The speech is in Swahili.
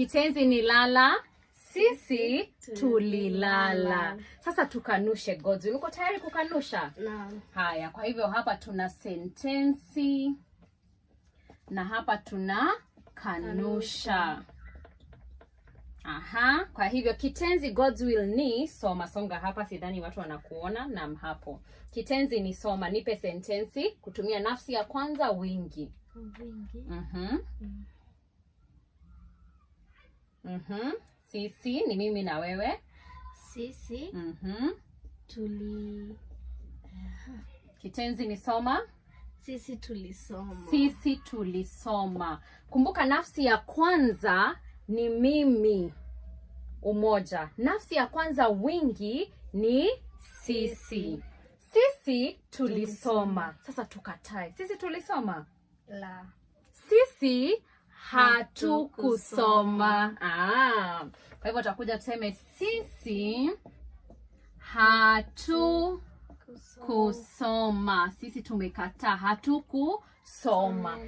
Kitenzi ni lala, sisi tulilala. Sasa tukanushe gods Uko tayari kukanusha? Naam. Haya, kwa hivyo hapa tuna sentensi na hapa tuna kanusha. Aha, kwa hivyo kitenzi God's will ni soma. Songa hapa, sidhani watu wanakuona. Naam, hapo kitenzi ni soma. Nipe sentensi kutumia nafsi ya kwanza wingi, wingi. Mhm. Mm -hmm. Mm. Mhm. Sisi ni mimi na wewe. Sisi. Mhm. Tuli Kitenzi ni soma. Sisi tulisoma. Sisi tulisoma. Kumbuka nafsi ya kwanza ni mimi umoja. Nafsi ya kwanza wingi ni sisi. Sisi, sisi tulisoma. Tulisoma. Sasa tukatae. Sisi tulisoma? La. Sisi hatukusoma. Ah. kwa hivyo utakuja tuseme sisi hatukusoma, sisi tumekataa, hatukusoma.